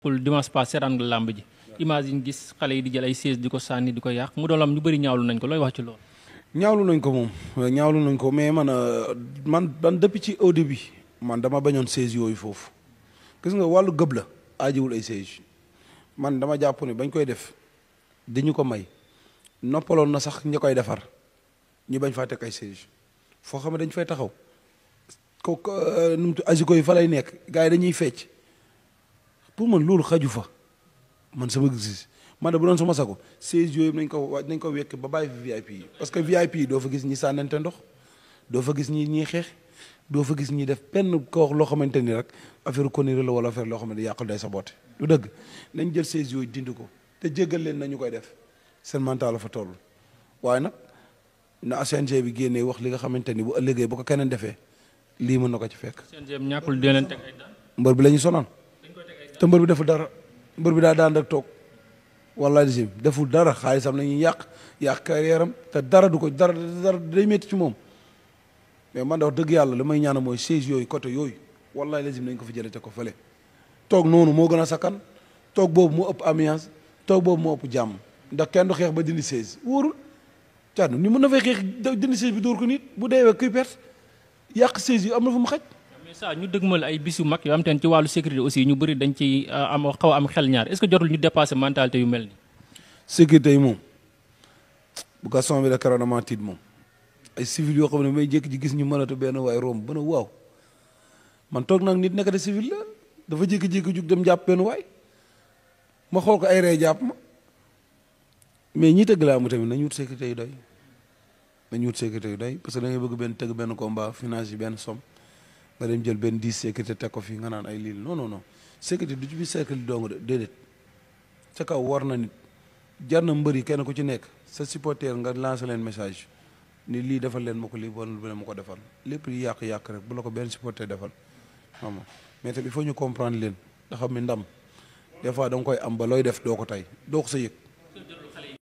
pour dimanche passé seetaan nga làmb ji image yi ñu gis xale yi di jël ay siège di ko sànni di ko yàq mu doon am ñu bëri ñaawlu nañ ko looy wax ci loolu ñaawlu nañ ko moom ñaawlu nañ ko mais man euh, man man depuis ci au bi man dama bañoon siège yooyu foofu gis nga wàllu gëb la aajiwul ay siège man dama jàpp ne bañ koy def dañu ko may noppaloon na sax ñu koy defar ñu bañ faa teg ay siège foo xam ne dañ fay taxaw ko euh, nu mu aju yi fa lay nekk gars yi dañuy fecc pour man loolu xaju fa man sama gis-gis man da bu doon sama sago seize yooyu nañ ko waaj nañ ko wekk ba bàyyi fi VIP yi parce que VIP yi doo fa gis ñi sànnante ndox doo fa gis ñi ñiy xeex doo fa gis ñi def benn ko wax loo xamante ni rek affaire connerie la wala affaire loo xamante yàqul day saboté du dëgg nañ jël seize yooyu dindi ko te jéggal leen nañu koy def seen mental fa toll waaye nag na CNG bi génnee wax li nga xamante ni bu ëllëgee bu ko keneen defee lii mën na ko ci fekk. CNG ñàkkul dee mbër bi la ñu sonal. te mbër bi deful dara mbër bi daa daan rek toog wala sim deful dara xaalisam la ñuy yàq yàq carrière am te dara du ko dara dara day métti ci moom mais man da wax dëgg yàlla li may ñaana mooy siège yooyu côté yooyu wallaay lazim nañ ko fi jëlee te ko fële toog noonu moo gën a sakkan toog boobu mu ëpp ambiance toog boobu moo ëpp jàmm ndax kenn du xeex ba dindi siège wóorul caatnu ni mën na fa xeex dindi siège bi dóor ko nit bu deewee kuy perte yàq siège yi am na fu mu xaj mais ça ñu dëgmal ay bis yu mag yoo xam te ne ci wàllu sécurité aussi ñu bëri dañ ci euh, am xaw xel ñaar est-ce que jotul ñu dépassé mentalité yu mel nii. sécurité yi moom bu gaston bi la keroog damaa moom ay civil yoo xam ne may jékki ji gis ñu mënatu benn waay romb ba ne waaw man toog nag nit nekk de civil la dafa jékki-jékki jug dem jàpp benn waay ma xool ko ay rey jàpp ma mais ñi tëgg laa mu tamit nañu wut sécurité yu doy nañu wut sécurité yu doy parce que da ngay bëgg benn tëgg benn combat finance yi benn nga dem jël benn dix sécurité teg ko fii nga naan ay liil non non non sécurité du ci biir cercle di dong déedéet ca kaw war na nit jar na mbër yi kenn ku ci nekk sa supporter nga lance leen message ni lii defal leen ma ko lii bon leen ma ko defal lépp yi yàq-yàq rek bu la ko benn supporter defal xam nga mais tamit il faut ñu comprendre leen daxam xam ne ndam des fois da koy am ba looy def doo ko tey doo ko sa yëg